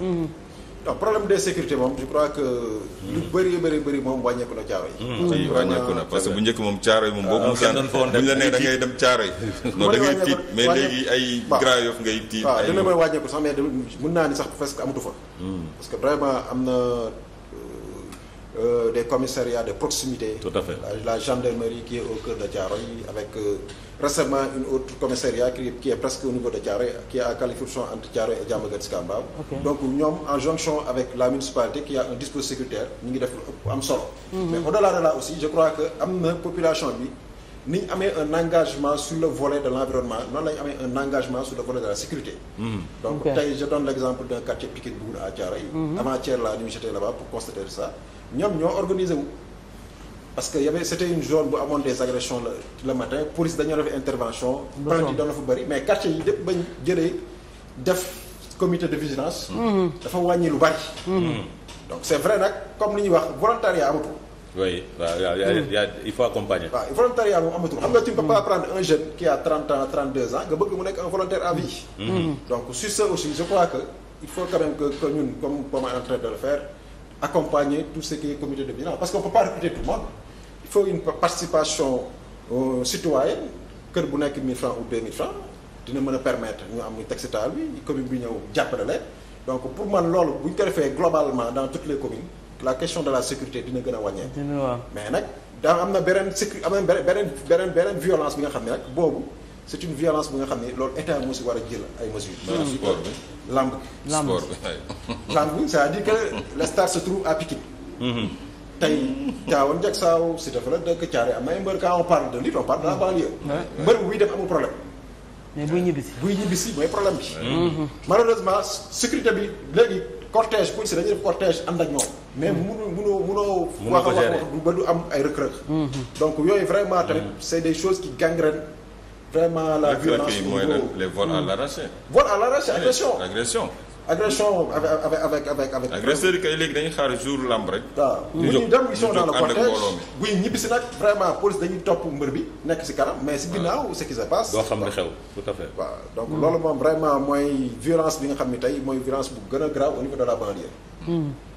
Mm-hmm. non problème de sécurité moom je crois que. lu bëri bëri bëri moom wàññeeku na caaro yi. Mm-hmm. Mm-hmm. parce que bu njëkk moom caaro yi moom. boobu mu daan buñ la nee da dem caaro yi. non da tiit mais léegi ay. Grand ngay tiit. waaw dina wàññeeku sax mais mën naa ni sax presque amatu fa. parce que vraiment am na. Euh, euh, des de proximité. La, gendarmerie qui est au cœur de Tiaroy, avec euh, récemment une autre commissariat qui, qui, presque au niveau de Tiaroy, qui est à Califourchon entre Tiaroy et Djamagatskamba. Okay. Donc, nous en jonction avec la municipalité qui a un dispositif sécuritaire, nous avons fait Mais au-delà de là aussi, je crois que la population, ni ñu amee un engagement su le volet de l'environnement noonu la ñu amee un engagement sur le volet de la sécurité. Mmh. donc tey okay. je donne l'exemple d'un quartier Pikine Bougoune à Thiaroye. Mm-hmm. wu. parce que y zone bu amoon des agressions la le matin police dañoo def intervention. plainte yi doon na fa bëri mais quartier yi yëpp bañ jëlee def comité de vigilance. Mm-hmm. dafa wàññi lu bari. Mm-hmm. donc c'est vrai nag comme li ñuy wax volontariat amatul. oui waaw y' a y' il faut accompagner. waaw volontariat moom amatul xam nga tu ne peux pas prendre un jeune qui a 30 ans 32 ans nga bëgg mu nekk un volontaire à mm-hmm. Mm-hmm. donc sur ce aussi je crois que il faut quand même que que ñun comme comme on est de le faire accompagner tout ce qui est de bilan parce participation euh, citoyenne kër bu nekk 1000 francs ou 2000 francs dina mën a permettre ñu am textile bi commune bi ñëw jàppale leen donc pour man loolu bu ñu ko defee dans toutes les communes. la question de la sécurité dina gën a wàññeeku. mais nag daa am na beneen sécu am na beneen beneen beneen violence nga xam ne nag boobu c' est une nga xam ne loolu état si a jël ay mesures. Hmm. sport bi lamb. sport bi lamb c' est à dire que la star se trouve à Pikine. Hmm. tey Thiawane Ndiak Sao si dafa ay mbër quand on parle de lutte on parle de la hmm. banlieue. mbër bu buy dem amul problème. mais buy ñibbisi buy ñibbisi mooy problème bi. malheureusement sécurité bi léegi. cortège police dañuy def cortège ànd ak ñoom. mais hmm. munu munoo munoo. munoo ko wax wax ba du am ay rëkk-rëkk. Hmm. donc yooyu vraiment tamit hmm. c' est des choses qui gangrènent vraiment la violence. mooy les vols à l' arraché. vols à l' arraché agression agression avec avec avec avec. agresseur yi kay léegi dañuy xaar jour lamb rek. ñu jóg ñu dem ils sont dans le cortège buy ñibbi si nag vraiment police dañuy topp mbër bi nekk si kanam. mais si ginnaaw ce qui se passe. doo xam ne xew tout à fait. waaw donc hmm. loolu moom vraiment mooy violence bi nga xam ne tey mooy violence bu gën a grave au niveau de la banlieue. Hmm.